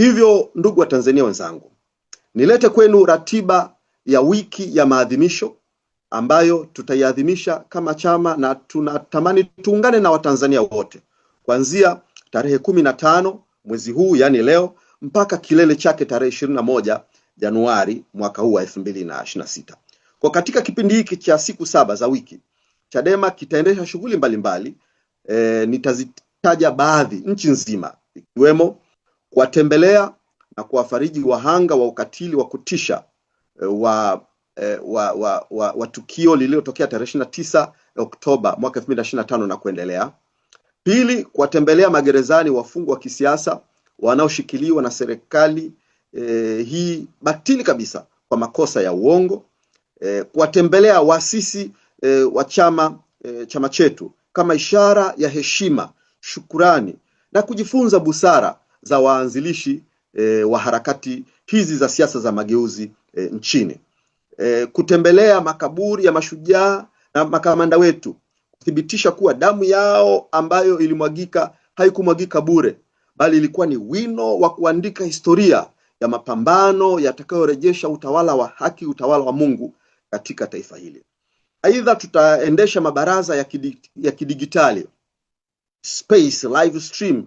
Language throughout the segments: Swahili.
Hivyo ndugu wa Tanzania wenzangu, nilete kwenu ratiba ya wiki ya maadhimisho ambayo tutaiadhimisha kama chama, na tunatamani tuungane na Watanzania wote kuanzia tarehe kumi na tano mwezi huu, yani leo, mpaka kilele chake tarehe ishirini na moja Januari mwaka huu wa elfu mbili na ishirini na sita. Kwa katika kipindi hiki cha siku saba za wiki, Chadema kitaendesha shughuli mbalimbali e, nitazitaja baadhi nchi nzima ikiwemo kuwatembelea na kuwafariji wahanga wa ukatili wa kutisha e, wa, e, wa, wa, wa, wa tukio lililotokea tarehe ishirini na tisa Oktoba mwaka elfu mbili na ishirini na tano na kuendelea. Pili, kuwatembelea magerezani wafungwa wa kisiasa wanaoshikiliwa na serikali eh, hii batili kabisa kwa makosa ya uongo eh, kuwatembelea waasisi eh, wa chama eh, chama chetu kama ishara ya heshima, shukurani na kujifunza busara za waanzilishi e, wa harakati hizi za siasa za mageuzi e, nchini e, kutembelea makaburi ya mashujaa na makamanda wetu kuthibitisha kuwa damu yao ambayo ilimwagika haikumwagika bure, bali ilikuwa ni wino wa kuandika historia ya mapambano yatakayorejesha utawala wa haki, utawala wa Mungu katika taifa hili. Aidha, tutaendesha mabaraza ya kidigitali space live stream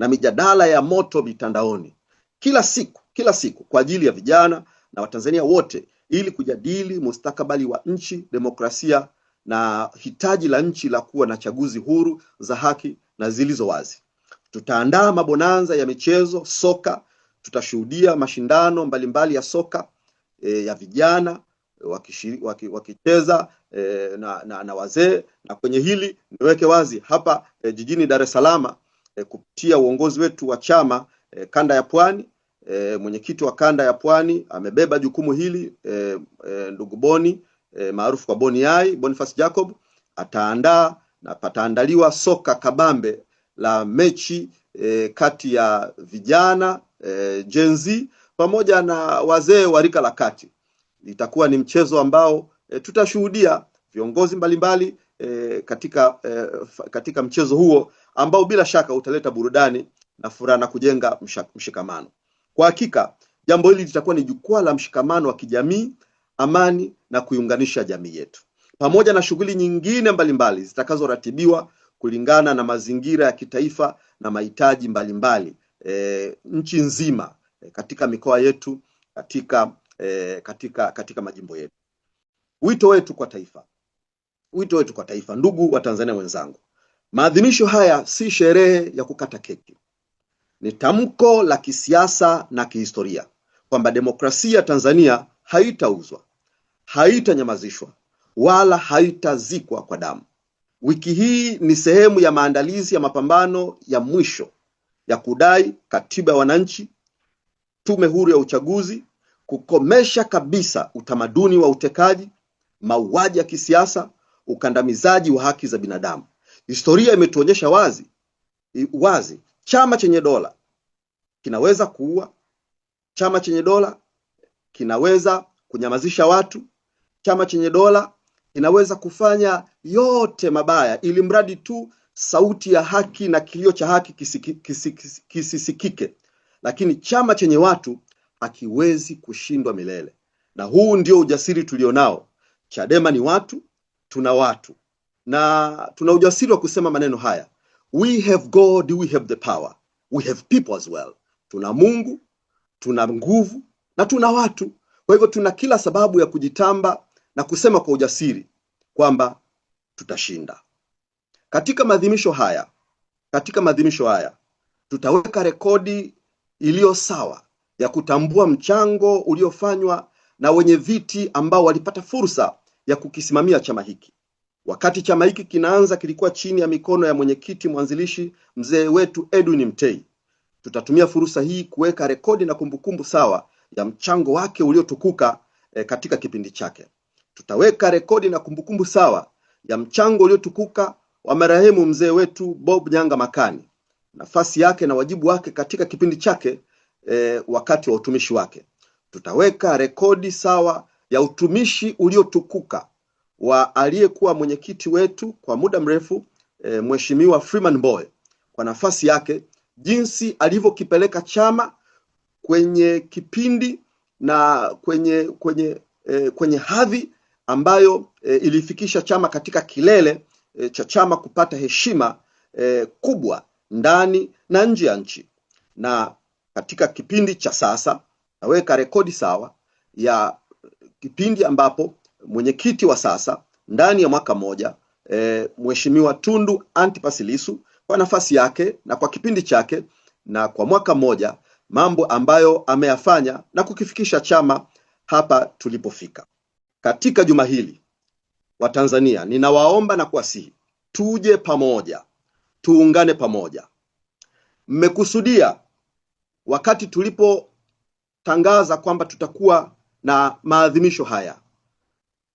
na mijadala ya moto mitandaoni kila siku kila siku kwa ajili ya vijana na Watanzania wote ili kujadili mustakabali wa nchi, demokrasia na hitaji la nchi la kuwa na chaguzi huru za haki na zilizo wazi. Tutaandaa mabonanza ya michezo soka, tutashuhudia mashindano mbalimbali mbali ya soka e, ya vijana wakicheza waki, waki e, na, na, na wazee. Na kwenye hili niweke wazi hapa e, jijini Dar es Salaam e, kupitia uongozi wetu wa chama e, kanda ya Pwani e, mwenyekiti wa kanda ya Pwani amebeba jukumu hili e, e, ndugu Boni e, maarufu kwa Boni Yai Boniface Jacob ataandaa na pataandaliwa soka kabambe la mechi e, kati ya vijana e, Gen Z pamoja na wazee wa rika la kati. Itakuwa ni mchezo ambao e, tutashuhudia viongozi mbalimbali e, katika, e, katika mchezo huo ambao bila shaka utaleta burudani na furaha na kujenga mshikamano. Kwa hakika jambo hili litakuwa ni jukwaa la mshikamano wa kijamii, amani na kuiunganisha jamii yetu, pamoja na shughuli nyingine mbalimbali zitakazoratibiwa kulingana na mazingira ya kitaifa na mahitaji mbalimbali e, nchi nzima e, katika mikoa yetu katika, e, katika, katika majimbo yetu. Wito wetu kwa taifa, wito wetu kwa taifa, ndugu wa Tanzania wenzangu, Maadhimisho haya si sherehe ya kukata keki, ni tamko la kisiasa na kihistoria kwamba demokrasia ya Tanzania haitauzwa, haitanyamazishwa wala haitazikwa kwa damu. Wiki hii ni sehemu ya maandalizi ya mapambano ya mwisho ya kudai katiba ya wananchi, tume huru ya uchaguzi, kukomesha kabisa utamaduni wa utekaji, mauaji ya kisiasa, ukandamizaji wa haki za binadamu Historia imetuonyesha wazi wazi, chama chenye dola kinaweza kuua, chama chenye dola kinaweza kunyamazisha watu, chama chenye dola kinaweza kufanya yote mabaya, ili mradi tu sauti ya haki na kilio cha haki kisisikike. Lakini chama chenye watu hakiwezi kushindwa milele, na huu ndio ujasiri tulionao. Chadema ni watu, tuna watu na tuna ujasiri wa kusema maneno haya, we have God, we have the power, we have people as well. Tuna Mungu, tuna nguvu na tuna watu. Kwa hivyo tuna kila sababu ya kujitamba na kusema kwa ujasiri kwamba tutashinda. Katika maadhimisho haya, katika maadhimisho haya tutaweka rekodi iliyo sawa ya kutambua mchango uliofanywa na wenye viti ambao walipata fursa ya kukisimamia chama hiki. Wakati chama hiki kinaanza kilikuwa chini ya mikono ya mwenyekiti mwanzilishi mzee wetu Edwin Mtei. Tutatumia fursa hii kuweka rekodi na kumbukumbu sawa ya mchango wake uliotukuka e, katika kipindi chake. Tutaweka rekodi na kumbukumbu sawa ya mchango uliotukuka wa marehemu mzee wetu Bob Nyanga Makani, nafasi yake na wajibu wake katika kipindi chake e, wakati wa utumishi wake. Tutaweka rekodi sawa ya utumishi uliotukuka wa aliyekuwa mwenyekiti wetu kwa muda mrefu e, Mheshimiwa Freeman Mbowe kwa nafasi yake, jinsi alivyokipeleka chama kwenye kipindi na kwenye kwenye e, kwenye hadhi ambayo e, ilifikisha chama katika kilele e, cha chama kupata heshima e, kubwa ndani na nje ya nchi. Na katika kipindi cha sasa naweka rekodi sawa ya kipindi ambapo mwenyekiti wa sasa ndani ya mwaka mmoja e, Mheshimiwa Tundu antipasilisu kwa nafasi yake na kwa kipindi chake na kwa mwaka mmoja, mambo ambayo ameyafanya na kukifikisha chama hapa tulipofika. Katika juma hili Watanzania, ninawaomba na kuwasihi tuje pamoja, tuungane pamoja. Mmekusudia wakati tulipotangaza kwamba tutakuwa na maadhimisho haya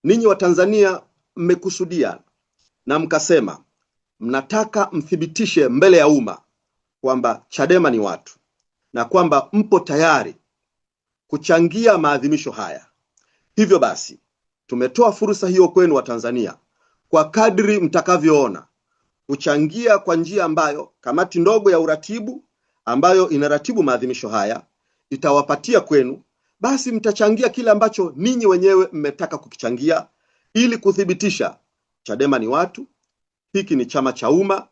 ninyi Watanzania mmekusudia na mkasema mnataka mthibitishe mbele ya umma kwamba Chadema ni watu na kwamba mpo tayari kuchangia maadhimisho haya. Hivyo basi, tumetoa fursa hiyo kwenu Watanzania kwa kadri mtakavyoona kuchangia kwa njia ambayo kamati ndogo ya uratibu ambayo inaratibu maadhimisho haya itawapatia kwenu basi mtachangia kile ambacho ninyi wenyewe mmetaka kukichangia ili kuthibitisha Chadema ni watu, hiki ni chama cha umma,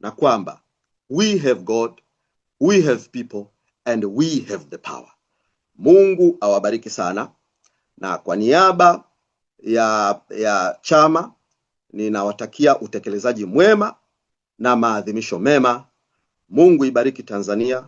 na kwamba we have God, we have people and we have the power. Mungu awabariki sana, na kwa niaba ya, ya chama ninawatakia utekelezaji mwema na maadhimisho mema. Mungu ibariki Tanzania.